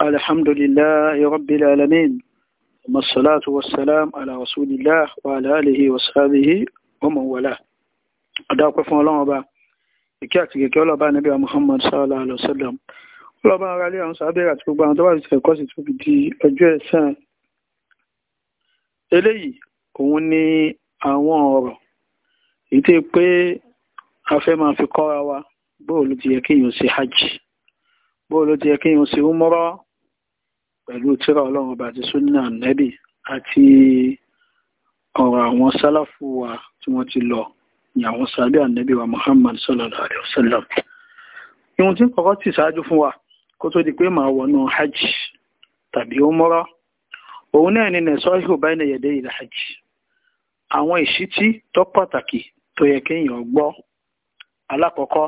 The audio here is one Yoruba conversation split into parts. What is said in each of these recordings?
الحمد لله رب العالمين ثم الصلاة والسلام على رسول الله وعلى آله وصحبه ومن والاه أدعوك فون الله أبا ìkẹ́ àti kẹ̀kẹ́ ọlọ́ba níbi Muhammad sallallahu alaihi wasallam ọlọ́ba ara lé àwọn sábẹ́rẹ́ àti gbogbo àwọn tó wà ní ẹ̀kọ́ sì tóbi di ọjọ́ ẹ̀san eléyìí òun ni àwọn ọ̀rọ̀ èyí tó pé a fẹ́ máa fi kọ́ra wa bóòlù ti yẹ kéèyàn ṣe hajj bóòlù ti yẹ kéèyàn ṣe umrah pẹ̀lú tírà ọlọ́run ọba àti sunna nẹ́bì àti ọ̀rọ̀ àwọn sálàfù wa tí wọ́n ti lọ ní àwọn sàbẹ́ ànẹ́bì wa Muhammad sallallahu alayhi wa sallam ihun tí kọ́kọ́ ti ṣáájú fún wa kó tó di pé màá wọnú hajj tàbí umrah òun náà ni nẹ̀sọ́ ihò bayna yaday il hajj àwọn ìṣítí tó pàtàkì tó yẹ kéèyàn gbọ́ alákọ̀ọ́kọ́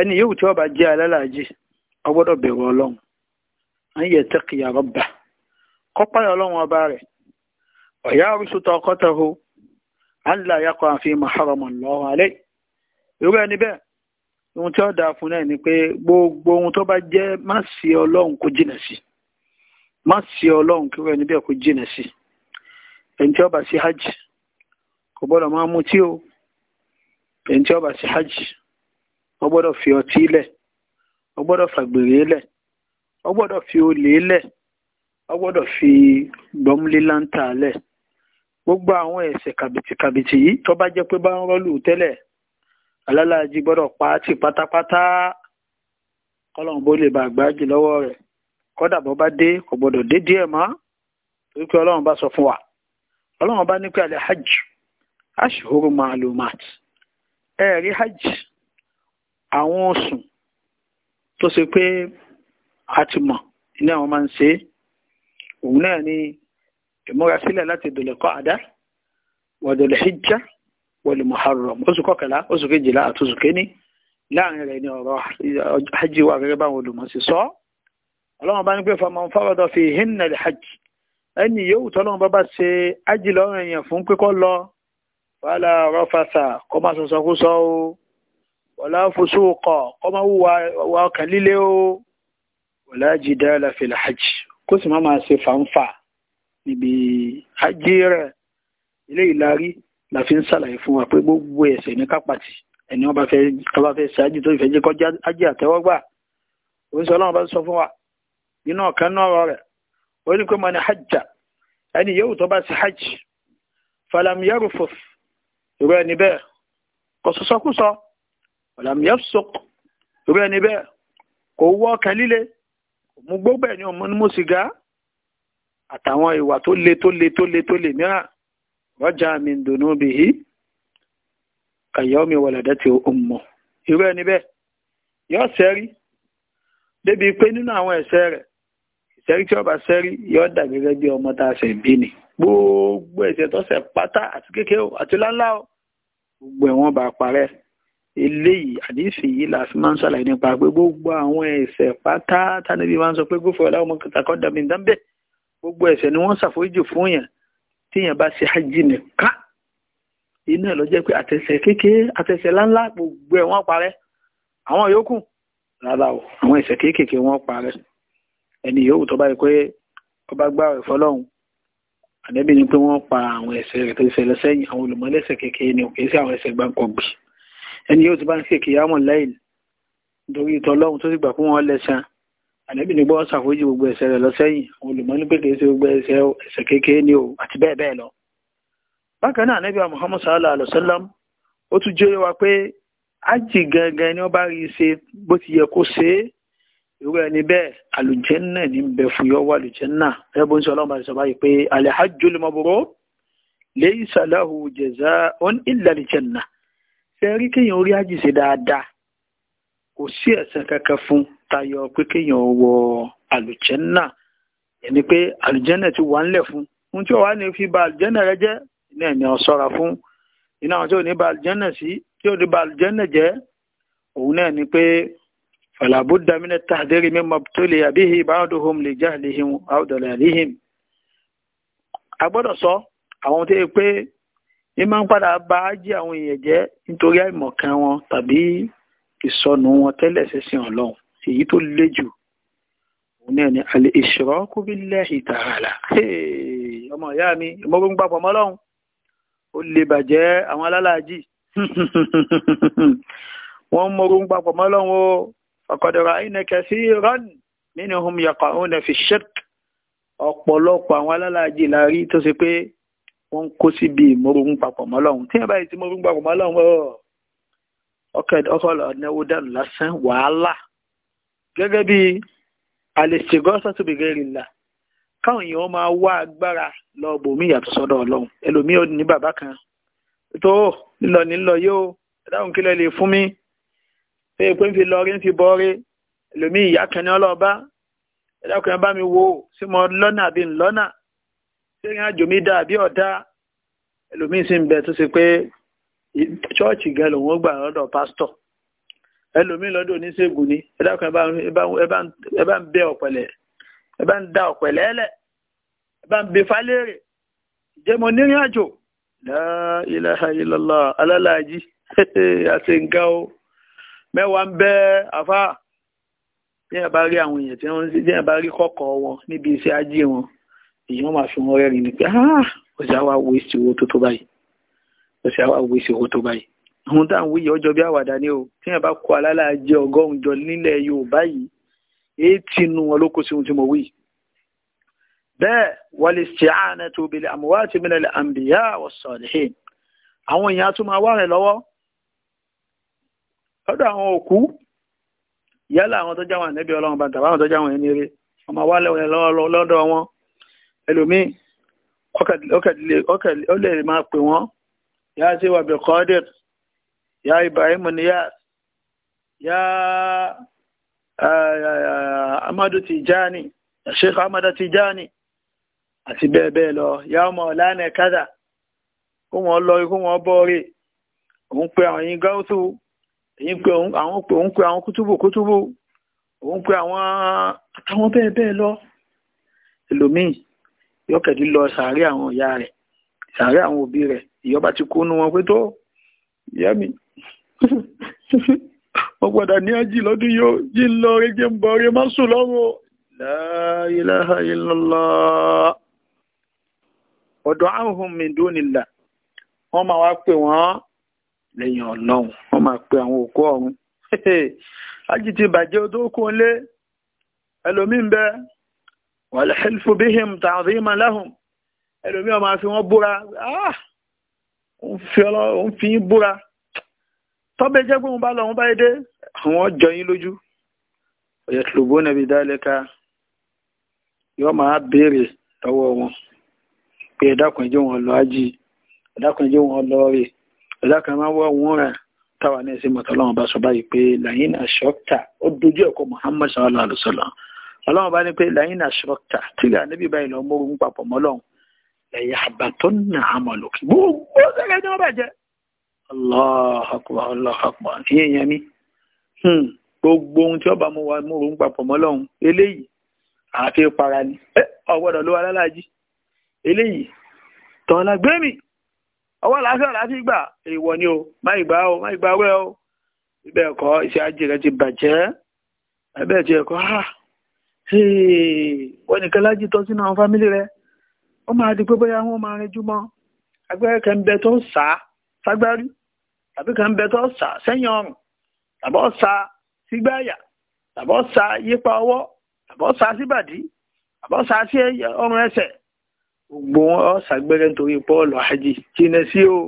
ẹni yóò tí ó bá jẹ́ alálàájì ó bẹ̀rù ọlọ́run an yattaqiya rabbah kọ́páyọ̀ ọlọ́run ọba rẹ̀ ọ̀yá orísun tó ọkọ́ tẹ̀ ho an la yaqa fi ma harama Allahu alayhi irú ẹni bẹ́ẹ̀ ohun tí ó dáa fún náà ni pé gbogbo ohun tó bá jẹ́ má sí ọlọ́run kó jìnà sí má sí ọlọ́run kí irú ẹni bẹ́ẹ̀ kó jìnà sí ẹni tí ó bá sí hajj kò gbọ́dọ̀ máa mutí o ẹni tí ó bá sí hajj wọ́n gbọ́dọ̀ fi ọtí lẹ̀ wọ́n gbọ́dọ̀ fàgbèrè lẹ̀ ọ gbọdọ fi olè lẹ, ọ gbọdọ fi gbọ́múlé láńtà lẹ̀ gbogbo àwọn ẹsẹ kàbìtìkàbìtì yìí tó bá jẹ́ pé bá ń rọ́lù tẹ́lẹ̀ alálàájì gbọ́dọ̀ pa á tì pátápátá kọ́lọ́n bó lè bá àgbájì lọ́wọ́ rẹ̀ kọ́dà bọ́ bá dé kò gbọ́dọ̀ dé díẹ̀ mọ́ torí pé ọlọ́run bá sọ fún wa ọlọ́run bá ní pé alẹ́ hajj ashhuru ma'lumat ẹ̀rí hajj àwọn oṣù tó ṣe pé a ti mọ̀ ní àwọn máa ń ṣe é òun náà ni ìmúra sílẹ̀ láti dòlẹ̀ kọ́ àdá wàdòlẹ̀ hijjá wọlé muharram oṣù kọkànlá oṣù kejìlá àtúnṣù kéní láàrin rẹ̀ ni ọ̀rọ̀ hajj wà gẹ́gẹ́ báwọn olùmọ̀ sọ ọlọ́run bá ní pé fọmọ ń fọ́rọ̀dọ̀ fi hinna lè hajj ẹni yòówù tọ́lọ́run bá bá ṣe hajj lọ́rùn èèyàn fún kíkọ́ lọ wàhálà rọ́fàṣà kọ́ máa sọ̀sọ̀ kú o wàhálà fòṣù kọ̀ kọ́ máa wúwa ọkàn líle o wala jidala fil hajj kó sì má máa ṣe fàǹfà níbi hajj rẹ̀ ilé ìlarí la fi ń ṣàlàyé fún wa pé gbogbo ẹ̀ṣẹ̀ ní kápàtì ẹni wọn bá fẹ́ ọba fẹ́ ṣe hajj tó ìfẹ́ jẹ́ kọjá hajj àtẹ́wọ́gbà òun sọ ọlọ́run bá sọ fún wa nínú ọ̀kan náà rẹ̀ ó ní pé mo ní hajj ẹni yóò tó bá ṣe hajj falam yarufuf irú ẹni bẹ́ẹ̀ kò sọsọkúsọ falam yafsuq irú ẹni bẹ́ẹ̀ kò wọ́ ọkàn líle mo gbógbẹ̀ ní ọmọ ní mo sìgá àtàwọn ìwà tó le tó le tó le tó le mìíràn rọ́jà mi ń dùnú bì í kàyọ́ mi wọlé dẹ́tì ọmọ irú ẹni bẹ́ẹ̀ yọ sẹ́rí débi pé nínú àwọn ẹ̀ṣẹ̀ rẹ̀ ìṣẹ́rí tí ọba sẹ́rí yọ dà gẹ́gẹ́ ọmọ tá a ṣẹ̀ bí ni gbogbo ẹ̀ṣẹ̀ tó ṣẹ̀ pátá àti kékeré àti láńlá gbogbo ẹ̀wọ̀n bá parẹ́ eléyìí àdìsí yìí la fi máa ń ṣàlàyé nípa pé gbogbo àwọn ẹ̀ṣẹ̀ pátá tánibí máa ń sọ pé gbófò ọlá ọmọ kàkọ dàbí dáńbẹ gbogbo ẹ̀ṣẹ̀ ni wọ́n ṣàforíjì fún yẹn téèyàn bá ṣe hajj nìkan iná ló jẹ́ pé àtẹ̀ṣẹ̀ kékeré àtẹ̀ṣẹ̀ láńlá gbogbo ẹ̀ wọ́n parẹ́ àwọn yòókù rárá o àwọn ẹ̀ṣẹ̀ kéékèèké wọ́n parẹ́ ẹni yòówù tó bá rí pé ọba ẹni yóò ti bá ń ṣe kìyàmù láìl nítorí ìtọ́ ọlọ́run tó sì gbà fún wọn lẹ́sàn ànábì ní gbọ́ ṣàforíjì gbogbo ẹ̀ṣẹ̀ rẹ̀ lọ́sẹ́yìn àwọn olùmọ́ni pé kìí ṣe gbogbo ẹ̀ṣẹ̀ ẹ̀ṣẹ̀ kékeré ni o àti bẹ́ẹ̀ bẹ́ẹ̀ lọ. bákan náà ànábì wa muhammad sallallahu alayhi wa sallam ó tún jẹ́ wa pé ájì gangan ni wọ́n bá rí i ṣe bó ti yẹ kó ṣe é irú ẹni bẹ́ẹ̀ àlùjẹ́nà ní bẹ fún yọ wà àlùjẹ́nà ẹ̀bù ń sọ ọlọ́run bá ti sọ báyìí pé alhajjul mabrur laysa lahu illa al ṣe rí kéèyàn orí àjì ṣe dáadáa kò sí ẹ̀sìn kankan fún tayọ pé kéèyàn wọ àlùjẹ́nà ẹni pé àlùjẹ́nà ti wà ńlẹ̀ fún ohun tí ọ̀wá ni fi ba àlùjẹ́nà rẹ jẹ́ náà ni ọ̀ sọ́ra fún iná àwọn tí ò ní ba àlùjẹ́nà sí tí ò ní ba àlùjẹ́nà jẹ́ òun náà ni pé fàlàbùdà mínà tàdérí mímọ tó lè àbíhì báwọdùhùn lè já àlehìn àwùdọ̀lẹ̀ àlehìn a gbọ́dọ̀ sọ àwọn tó yẹ pé ní máa ń padà ba ájí àwọn èèyàn jẹ́ nítorí àìmọ̀kan wọn tàbí ìsọnù wọn tẹ́lẹ̀ ṣẹ̀sìn ọlọ́run èyí tó le jù òun náà ni alẹ́ ìṣòro kú bí lẹ́yìn tààlà ọmọ ìyá mi ìmọ̀gbọ́n gbapọ̀ mọ́ ọlọ́run ó lè bàjẹ́ àwọn alálàájì wọ́n mọ̀rún gbapọ̀ mọ́ ọlọ́run o ọ̀kọ̀dọ̀rọ̀ àìnẹ̀kẹ́ sí rọ́n nínú ohun òun nẹ̀ fi ṣẹ́k ọ̀pọ̀lọpọ̀ àwọn alálàájì la tó ṣe pé wọ́n ń kó síbi ìmọ̀rún papọ̀ mọ́lọ́hún tí yẹn báyìí ti mọ̀rún papọ̀ mọ́lọ́hún ọkọ̀ lọ náwó dànù lásán wàhálà gẹ́gẹ́ bí alẹ́sẹ̀gọ́sà tó bẹ̀rẹ̀ rí la káwọn èèyàn máa wá agbára lọ bòmí yàtọ̀ sọ́dọ̀ ọlọ́run ẹlòmíì ní bàbá kan tó nílọ nílọ yóò dáhùn kílẹ̀ lè fún mi pé pé ń fi lọ rí ń fi bọ́ rí ẹlòmíì ìyá kan ní ọlọ́ọ̀bá ẹ̀dá kan bá mi wo sí mo lọ́nà àbí ńlọ́nà sẹ́yìn àjò mi dá àbí ọ̀dá ẹlòmíín sì ń bẹ tó ṣe pé chọ́ọ̀chì gan lòun ó gbà lọ́dọ̀ pásítọ̀ ẹlòmíín lọ́dọ̀ oníṣègùn ni ẹ dákun ẹ bá ń bẹ ọ̀pẹ̀lẹ̀ ẹ bá ń da ọ̀pẹ̀lẹ̀ ẹlẹ̀ ẹ bá ń bẹ falérè ìjẹ́ mo nírìn àjò la ilaha illallah alálàájì àti nǹkan o mẹ́wàá ń bẹ àfa bí ẹ bá rí àwọn èèyàn tí wọ́n ń bá rí kọ́kọ́ wọn níbi iṣẹ́ ajé wọn èèyàn máa fi wọn rẹ́rìn ni pé ọ̀sẹ̀ àwa wo èsì owó tó tó báyìí ọ̀sẹ̀ àwa wo èsì owó tó báyìí ohun tá à ń wí ọjọ́ bí àwàdà ni o tí yẹn bá kó alálàájẹ ọgọ́rùn-ún jọ nílẹ̀ Yorùbá yìí èyí nu wọn ló kó sí ohun tí mo wí bẹ́ẹ̀ wọlé isti'anatu bil amwati min al anbiya was salihin àwọn èèyàn tún máa wá rẹ̀ lọ́wọ́ lọ́dọ̀ àwọn òkú yálà àwọn tó jáwọn ànẹ́bí ọlọ́run bàtà àwọn tó jáwọn ẹni eré ọmọ wálẹ̀ lọ́dọ̀ wọn ẹlòmíì ó lè máa pè wọ́n yá sí wàbí kọ́dẹ̀ yá Ibrahim Niyas yá Amadu Tijani Sheikh Amadu Tijani àti bẹ́ẹ̀ bẹ́ẹ̀ lọ yá ọmọ ọ̀lànà kádà kó wọ́n lọ kó wọ́n bọ́ọ̀rẹ̀ òun pe àwọn yín gáúsù èyí pé àwọn pé òun pé àwọn kútùbù kútùbù òun pé àwọn àtàwọn bẹ́ẹ̀ bẹ́ẹ̀ lọ ẹlòmíì yọkẹ̀dí lọ sàárẹ̀ àwọn ìyá rẹ̀ sàárẹ̀ àwọn òbí rẹ̀ ìyọba ti kú nu wọn pé tó ìyá mi wọ́n padà ní ájì yóò jí ń lọ rí jẹ́ ń bọ̀ rí sùn lọ́rùn la ilaha illallah ọ̀dọ̀ ahùn min dunillah wọn máa wá pè Ọ máa pè àwọn òkú ti bàjẹ́ ẹlòmíín bẹ́ẹ̀ wàlẹ́hìlfù bíhìm tààzímà láhùn ẹlòmí ọmọ àfi wọn búra òun ah! fi yín búra tọ́bẹ̀ jẹ́ pé òun bá lọ òun bá dé àwọn jọ yín lójú ọ̀yẹ̀tìlógbó nàbí dálẹ́ka yọ máa béèrè lọ́wọ́ wọn pé ẹ̀dákùnjẹ́ wọn lọ ájì ẹ̀dákùnjẹ́ wọn lọ rè ẹ̀dákùnjẹ́ wọn wọ́n rà táwa náà sí mọ̀tọ́lọ́wọ́n bá sọ báyìí pé làyín àṣọ́kà ó dojú ẹ̀kọ́ Muhammad sallallahu alaihi ọlọ́run bá ní pé lẹ́yìn náà ṣọ́ọ̀tà tí ìyá níbi báyìí lọ mórú ń papọ̀ mọ́lọ́run ẹ̀yà àbàtọ́ nà àmọ̀ lòkè gbogbo sẹ́kẹ̀ tí wọ́n bàjẹ́ Allahu akbar Allahu akbar ìyẹn yẹn mi hmm. gbogbo ohun tí ọba mú wa mórú ń papọ̀ mọ́lọ́run eléyìí àti para ni ọgbọ́dọ̀ ló wà lálàájì eléyìí tọ́lá gbẹ́mì ọwọ́ làásán láti gbà èèwọ̀ ni o má ìgbà o má ìgbà wọ́n nìkan lájì tọ́ sínú àwọn fámílì rẹ̀ ó máa di pé bóyá wọ́n máa rìn jùmọ̀ agbẹ́rẹ́ kan bẹ tó sà á ságbárí tàbí kan bẹ tó sà sẹ́yìn ọrùn tàbí ọ̀sà sígbáyà tàbí ọ̀sà yípa ọwọ́ tàbí ọ̀sà síbàdí tàbí ọ̀sà sí ọrùn ẹsẹ̀ gbogbo wọn ọ̀sàgbẹ́rẹ́ nítorí pọ́ọ̀lù àjì jìnnà sí o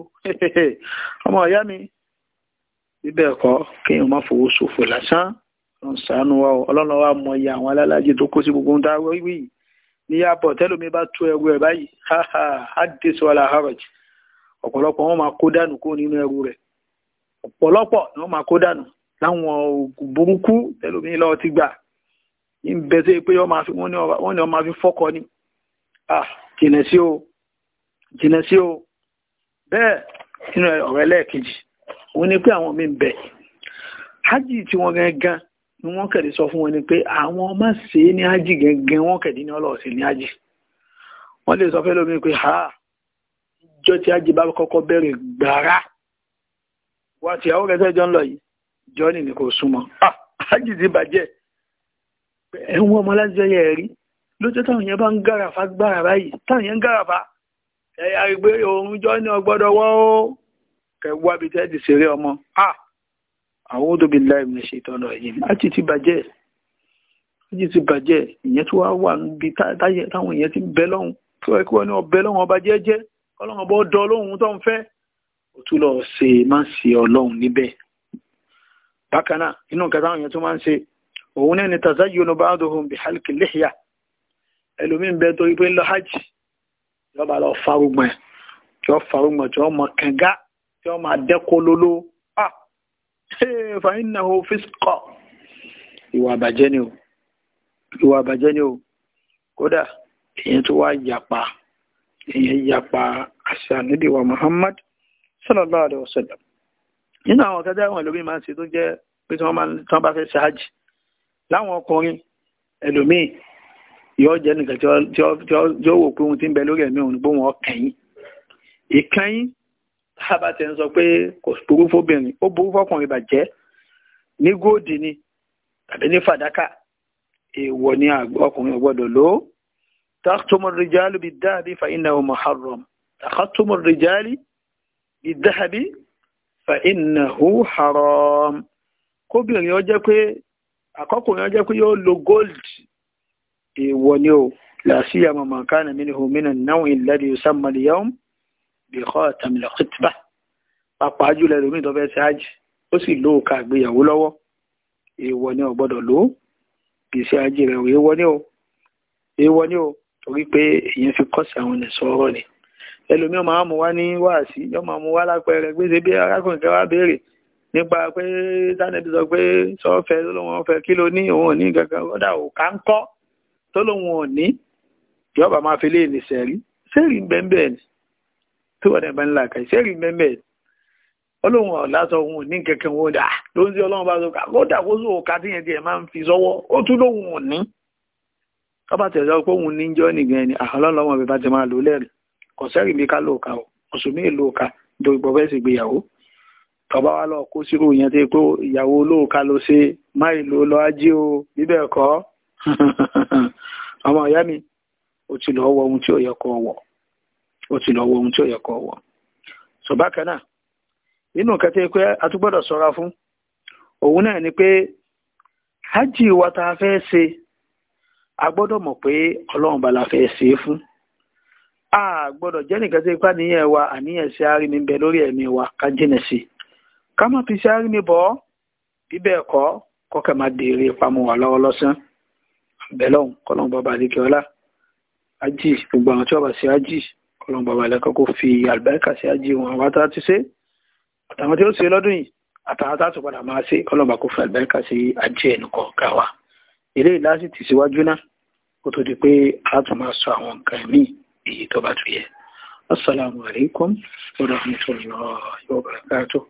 ọmọ ìyá mi bíbẹ̀ ẹ̀kọ́ kéèyàn má fowó ṣòfò lásán ṣàánú wa o ọlọ́run wa mọ iye àwọn alálàájì tó kó sí gbogbo ohun tá a wí yìí ní yàbọ̀ tẹ́lómi bá tú ẹrù ẹ̀ báyìí ha ha hadis wala haraj ọ̀pọ̀lọpọ̀ wọn máa kó dànù kó nínú ẹrù rẹ̀ ọ̀pọ̀lọpọ̀ ni wọ́n máa kó dànù láwọn oògùn burúkú tẹ́lómi lọ́wọ́ ti gbà ní bẹ́ẹ̀ tó yẹ pé wọ́n ní wọ́n máa fi fọ́kọ ni jìnà sí o jìnà sí o bẹ́ẹ̀ nínú ọ̀rẹ́ lẹ́ẹ̀kejì òun ni pé àwọn mi ń bẹ̀ hajj tí wọ́n gan gan ni wọ́n kẹ̀lé sọ fún wọn ni pé àwọn ọmọ ṣe ní ájì gẹ́gẹ́ wọ́n kẹ̀lé ní ọlọ́ọ̀sẹ̀ ní ájì wọ́n lè sọ fẹ́ lómi pé ha ìjọ tí ájì bá kọ́kọ́ bẹ̀rẹ̀ gbàrà wá tí àwọn kẹsẹ́ jọ ń lọ yìí jọ ní ní kò súnmọ́ ah, ájì ti bàjẹ́ ẹ̀wọ̀n ọmọ láti jẹ́ ẹ̀rí lójó táwọn yẹn bá ń gàràfà gbàrà báyìí táwọn yẹn ń gàràfà ẹ̀yà ìgbé òun jọ ní ọgbọ́dọ̀ wọ́n ó kẹwàá bíi tẹ́ẹ̀dì ṣeré ọmọ ah A'udhu billahi minash shaitani rajim ájì ti bàjẹ́ ájì ti bàjẹ́ ìyẹn tó wá wà níbi táwọn èèyàn ti ń bẹ lọ́hùn tó ẹ kí wọ́n ní ọbẹ̀ lọ́hùn ọba jẹ́jẹ́ ọlọ́run ọba ọdọ lóhùn tó ń fẹ́ òtún lọ ṣe má ṣe ọlọ́run níbẹ̀ bákan náà inú nǹkan táwọn èèyàn tó máa ń ṣe òun náà ni tazayyunu ba'duhum bi halqi lihya ẹlòmíín bẹ torí pé ń lọ hajj yọba lọ farugbọn yọ farugbọn tí wọn mọ kànga tí wọn máa dẹkọ lóló Eh, fa innahu fisqa ìwà àbàjẹ́ ni o ìwà àbàjẹ́ ni o kódà èyàn tó wá yapa èyàn yapa àṣà wa Muhammad sallallahu alaihi wasallam nínú àwọn ọ̀kadà àwọn ẹlòmíì máa ń ṣe tó jẹ́ pé tí wọ́n bá fẹ́ ṣáájì láwọn ọkùnrin ẹlòmíì yóò jẹ́ nìkan tí ó wò pé ohun tí ń bẹ lórí ẹ̀mí òun ni pé wọ́n kẹ́yìn ìkẹ́yìn tábà tẹ̀ ń sọ pé kò burú fóbìnrin ó burú fọkùnrin bàjẹ́ ní góòdì ni tàbí ní fàdákà èèwọ̀ ni ọkùnrin gbọ́dọ̀ lò ó takhtumu rijalu biddahabi fa innahu muharram takhtumu rijali biddahabi fa innahu haram kóbìnrin ó jẹ́ pé àkọ́kùnrin ó jẹ́ pé yóò lo gold èèwọ̀ ni o la siyama man kana minhu min an-naw'i bi khatamil khitbah pàápàá jùlọ ẹlòmíì tó fẹ́ ṣe hajj ó sì lo òkà àgbéyàwó lọ́wọ́ èèwọ̀ ni ò gbọ́dọ̀ lò ó kì í ṣe hajj rẹ̀ èèwọ̀ ni ó èèwọ̀ ni ó torí pé èèyàn fi kọ́ sí àwọn ọ̀nà sọ̀rọ̀ ni ẹlòmíì máa mú wá ní wáàsí yóò máa mú wá lápẹẹrẹ gbèsè bí arákùnrin kan wá béèrè nípa pé sànẹ́bí sọ pé sọ́ọ̀fẹ́ tó lóun kí ló ní òun ò ní kankan kódà òkà ń kọ́ tó lóun ò ní yọ̀ọ̀bà máa fi lé ìnìṣẹ́rí sẹ́rí ń bẹ́ẹ̀ bẹ́ẹ̀ ni tí wọ́n dẹ̀ bá ń là kà ṣé rí mẹ́mẹ́ ọlọ́run ọ̀làsọ òun ò ní kankan wọn dà ló ń sí ọlọ́run bá sọ kó dàkóso òka tí yẹn tiẹ̀ máa ń fi sọ́wọ́ ó tún lóhun ò ní ọba tẹ̀sán pé òun ní jọ́ nìkan ẹni àhálọ́ lọ́wọ́ mi bá ti máa lò lẹ́rìí kò sẹ́rìí mi ká lóòka o mùsùlùmí lóòka dorí bọ́ fẹ́ẹ́ sì gbéyàwó tọba wa lọ kó sírò yẹn tí pé ìyàwó olóòka ló ṣe má ìlú lọ ajé o bíbẹ̀ kọ́ ọmọ ìyá mi ó ti wọ ohun tí ò yẹ kó wọ̀ ó ti lọ ohun tí ó yẹ kó wọ̀ so bákan náà nínú nǹkan tó yẹ pé a tún gbọ́dọ̀ fún òun náà ni pé hajj wa ta a fẹ́ ṣe a gbọ́dọ̀ mọ̀ pé ọlọ́run bá fún a gbọ́dọ̀ jẹ́ nìkan tó yẹ pé àníyàn wa àníyàn ṣe wa ká jìnà sí ká má fi ṣe bọ́ kọ́kẹ́ dèrè pamọ́ wà lọ́wọ́ bẹ́ẹ̀ lọ́hùn kọ́lọ́hùn bàbá ọlá ọlọ́run bàbá ẹlẹ́kọ́ kó fi àlùbáríkà sí ajé wọn àwọn tá a ti ṣe àtàwọn tí ó ṣe lọ́dún yìí àtàwọn tá a tún padà máa ṣe ọlọ́run bá kó fi àlùbáríkà sí ajé ẹnìkan ká wa eléyìí láti tẹ̀síwájú náà kó tó di pé a tún máa sọ àwọn nǹkan míì èyí tó bá tún yẹ. assalamu wa rahmatullahi wa barakatuh.